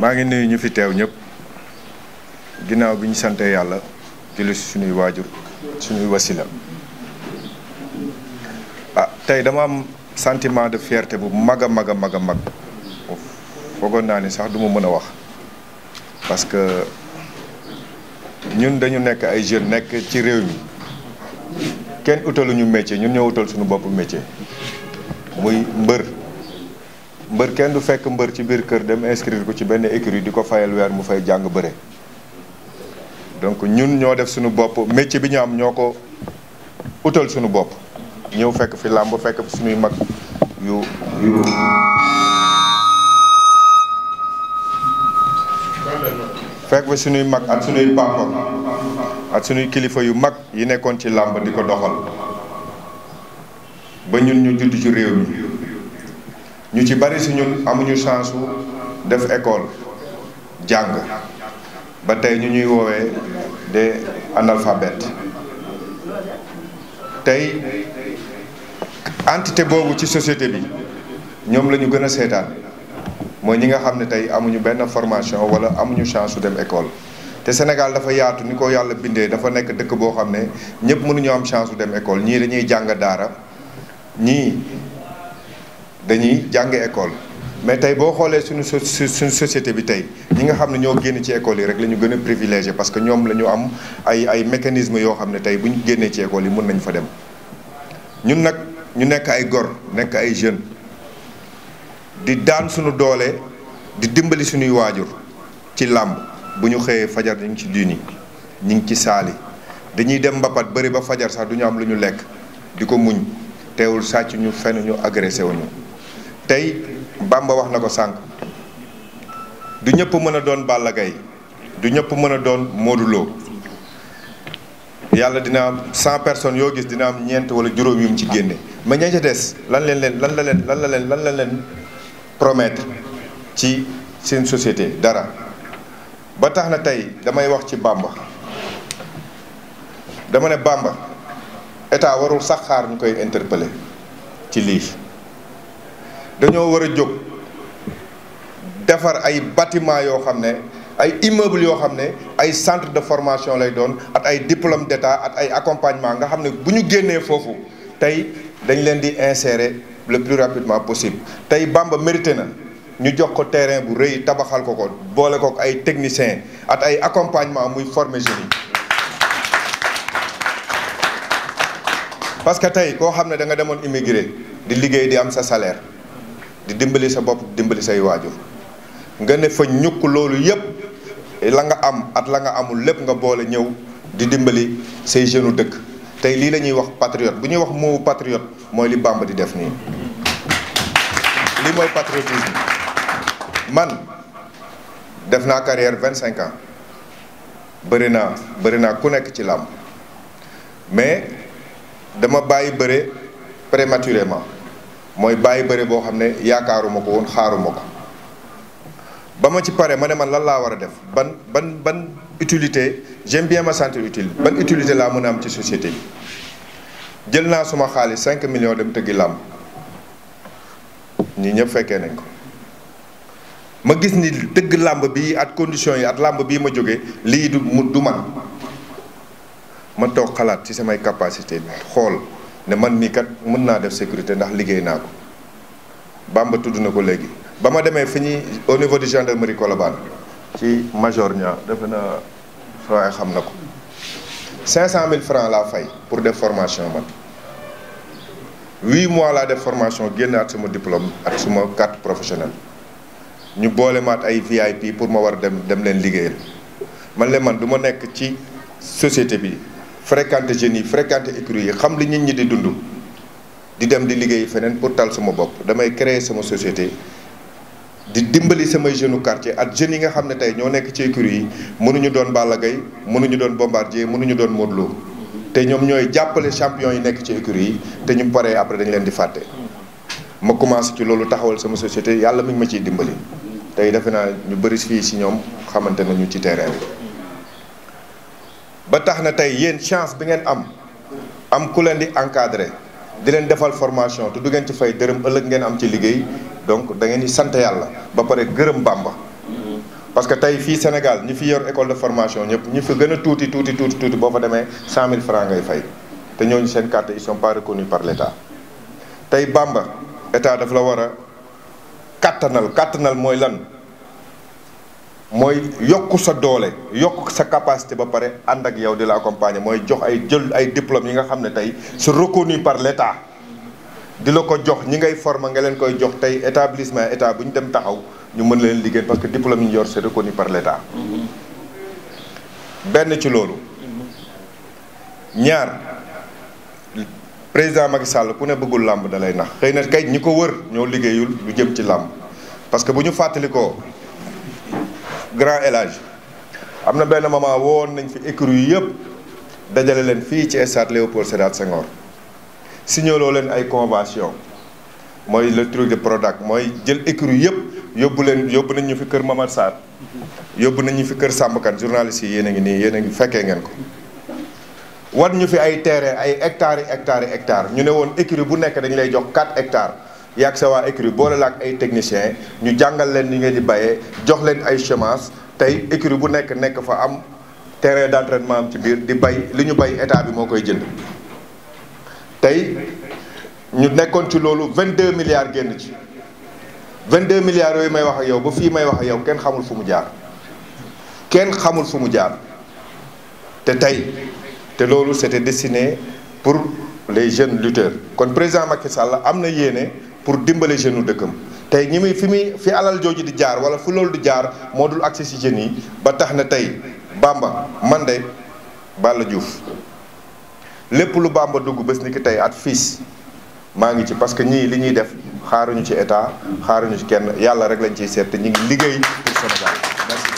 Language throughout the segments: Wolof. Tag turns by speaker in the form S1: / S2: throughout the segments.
S1: maa ngi nuyu ñu fi teew ñëpp ginnaaw bi ñu sante yàlla julli suñuy waajur suñuy wasila ah tey dama am santiment de fierté bu mag a mag a mag a mag foogoon naa ni sax duma mën a wax parce que ñun dañu nekk ay jeunes nekk ci réew mi kenn utaluñu métier ñun ñoo utal suñu bopp métier muy mbër mbër kenn du fekk mbër ci biir kër dem inscrire ko ci benn écurie di ko fayal weer mu fay jàng bëre donc ñun ñoo def suñu bopp métier bi ñu am ñoo ko utal sunu bopp ñëw fekk fi làmb fekk fi suñuy mag yu yu fekk fi suñuy kilifa yu mag yi nekkoon ci làmb di ko doxal ba ñun ñu judd ci réew mi ñu ci bari si ñun amuñu chance su def école jàng ba tey ñu ñuy woowee de analphabètes tey entité boobu ci société bi ñoom la ñu gën a seetaan mooy ñi nga xam ne tey amuñu benn formation wala amuñu chance su dem école te Sénégal dafa yaatu ni ko yàlla bindee dafa nekk dëkk boo xam ne ñëpp mënuñu am chance su dem école ñii dañuy jàng daara ñii dañuy jàng école mais tey boo xoolee suñu suñu société bi tey ñi nga xam ne ñoo génn ci école yi rek la ñu gën a privilégié parce que ñoom lañu am ay ay mécanisme yoo xam ne tey bu ñu génnee ci école yi mun nañ fa dem ñun nag ñu nekk ay gor nekk ay jeunes di daan suñu doole di dimbali suñuy waajur ci làmb bu ñu xëyee fajar ñu ngi ci diini ñu ngi ci saali dañuy dem mbapat bari ba fajar sax duñu am lu ñu lekk di ko muñ teewul sàcc ñu fenn ñu agressé wuñu tey Bamba wax na ko sànq du ñëpp mën a doon Balla Gaye du ñëpp mën a doon Modou Lo yàlla dina am cent personnes yoo gis dina am ñeent wala juróom yu mu ci génne mais ña ca des lan leen leen lan la leen lan la leen lan la leen promettre ci seen societé dara ba tax na tey damay wax ci bàmba dama ne Bamba état warul sax xaar ñu koy interpeller ci lii dañoo war a jóg defar ay bâtiment yoo xam ne ay immeuble yoo xam ne ay centre de formation lay doon at ay diplôme d'état at ay accompagnement nga xam ne bu ñu génnee foofu tey dañ leen di insérer le plus rapidement possible tey Bamba mérité na ñu jox ko terrain bu rëy tabaxal ko ko boole ko ay technicien at ay accompagnement muy former jeunes parce que tey koo xam ne da nga demoon immigré di liggéey di am sa salaire di dimbali sa bopp di dimbali say waajur nga ne fa ñukk loolu yëpp la nga am at la nga amul lépp nga boole ñëw di dimbali say jeunes dëkk tey lii la ñuy wax patriote bu ñuy wax moomu patriote mooy li Bamba di def nii lii mooy patriotisme man def naa carrière vingt cinq ans bëri naa bëri naa ku nekk ci làmb mais dama bàyyi bëre prématurément mooy bàyyi bëre boo xam ne yaakaaruma ko woon xaaruma ko ba ma ci pare ma ne man lan laa war a def ban ban ban utilité j'aime bien ma sentir utile ban utilité laa mën a am ci société jël naa suma xaalis cinq millions dem tëggi làmb ñi ñëpp fekkee nañ ko ma gis ni dëgg làmb bi ak condition yi ak làmb bii ma jógee lii du mu du man ma toog xalaat ci samay capacité xool ne man mii kat mën naa def sécurité ndax liggéey naa ko Bamba tudd na ko léegi ba ma demee fi ñuy au niveau du gendarmerie Colobane ci major ña defe na sooy xam na ko cent 500000 francs laa fay pour def formation man huit mois laa def formation génn at suma diplôme ak suma carte professionnelle ñu boole maat ay VIP pour ma war dem dem leen liggéeyal man le man du ma nekk ci société bi fréquenter jeunes yi fréquenter écuries yi xam li ñu ñi di dund di dem di liggéey feneen pour tal sama bopp damay créer sama société di dimbali samay jeune quartier ak jeunes yi nga xam ne tey ñoo nekk ci écurie yi mënuñu doon Balla Gaye mënuñu doon Bombardier mënuñu doon Modou te ñoom ñooy jàppale champion yi nekk ci écurie yi te ñu paree après dañ leen di fàtte ma commencé ci loolu taxawal sama société yàlla mi ngi ma ciy dimbali tey defe naa ñu bëri fii si ñoom xamante nañu ci terrain bi ba tax na tey yéen chance bi ngeen am am ku leen di encadré di leen defal formation te du ngeen ci fay dërëm ëllëg ngeen am ci liggéey donc da ngeen di sant yàlla ba pare gërëm Bamba. parce que tey fii Sénégal ñi fi yor école de formation ñëpp ñu fi gën a tuuti tuuti tuuti tuuti boo fa demee 100000 francs ngay fay te ñoo ñu seen carte ils sont pas reconnus par l' tey Bamba état daf la war a kattanal kattanal mooy lan. mooy yokk sa doole yokk sa capacité ba pare ànd ak yow di la accompagner mooy jox ay jël ay diplôme yi nga xam ne tey c'est reconnu par l'État di la ko jox ñi ngay former nga leen koy jox tey établissement état bu ñu dem taxaw ñu mën leen liggéey parce que diplôme yi ñu yor c'est par l'État mm-hmm. benn ci loolu mm-hmm. ñaar président Macky Sall ku ne bëggul làmb da lay nax xëy na kay ñi ko wër ñoo liggéeyul lu jëm ci làmb parce que bu ñu fàttalikoo grand élage am na benn moment woon nañ fi écurie yi yëpp dajale leen fii ci stade Léopold Sédar Senghor signaloo leen ay convention mooy le truc de Prodac mooy jël écurie yëpp yóbbu leen yóbbu nañ ñu fi kër Mamar Sarr yóbbu nañu fi kër Sàmbkan journaliste yi yéen a ngi nii yéen a ngi fekkee ngeen ko war ñu fi ay terrain ay hectares yi hectares yi hectares ñu ne woon écurie bu nekk dañ lay jox 4 hectares yaag sa waa écurie boole la ak ay techniciens ñu jàngal leen ni ngeen di bayee jox leen ay chemins tey écurie bu nekk nekk fa am terrain d'entraînement am ci biir di bay li ñu bay état bi moo koy jënd tey ñu nekkoon ci loolu vingt deux milliards génn ci deux milliards yooyu may wax a yow ba fii may wax ak yow kenn xamul fu mu jaar kenn xamul fu mu jaar te tey te loolu c'était destiné pour les jeunes lutteurs kon président Macky Sall am na yéene. pour dimbale jeunes dëkkam tey ñi muy fi muy fi alal jooju di jaar wala fu loolu di jaar moo dul accès si jeunes yi ba tax na tey bàmba man de Balla Diouf lépp lu Bamba dugg bés ni ki tey at fiis maa ngi ci parce que ñii li ñuy def xaaruñu ci état xaaruñu ci kenn yàlla rek lañ ciy seet te ñu ngi liggéey pour Sénégal merci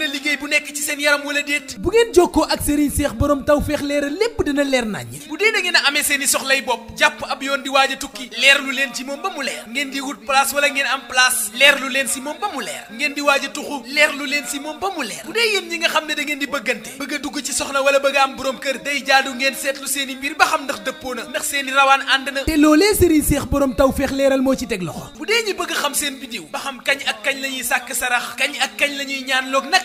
S2: la liggéey bu nekk ci seen yaram wala déet bu ngeen jokkoo ak Serigne Cheikh borom taw feex leeral lépp dina leer naññ bu dee da ngeen amee seen i soxlay bopp jàpp ab yoon di waaj tukki leerlu leen ci moom ba mu leer ngeen di wut place wala ngeen am place leerlu leen si moom ba mu leer ngeen di waaj a tuxu leerlu leen si moom ba mu leer bu dee yéen ñi nga xam ne da di bëggante bëgg a dugg ci soxna wala bëgg a am borom kër day jaadu ngeen seetlu seen i mbir ba xam ndax i rawaan ànd na te ba xam kañ ak la ñuy sàkk sarax kañ ak kañ la ñuy ñaan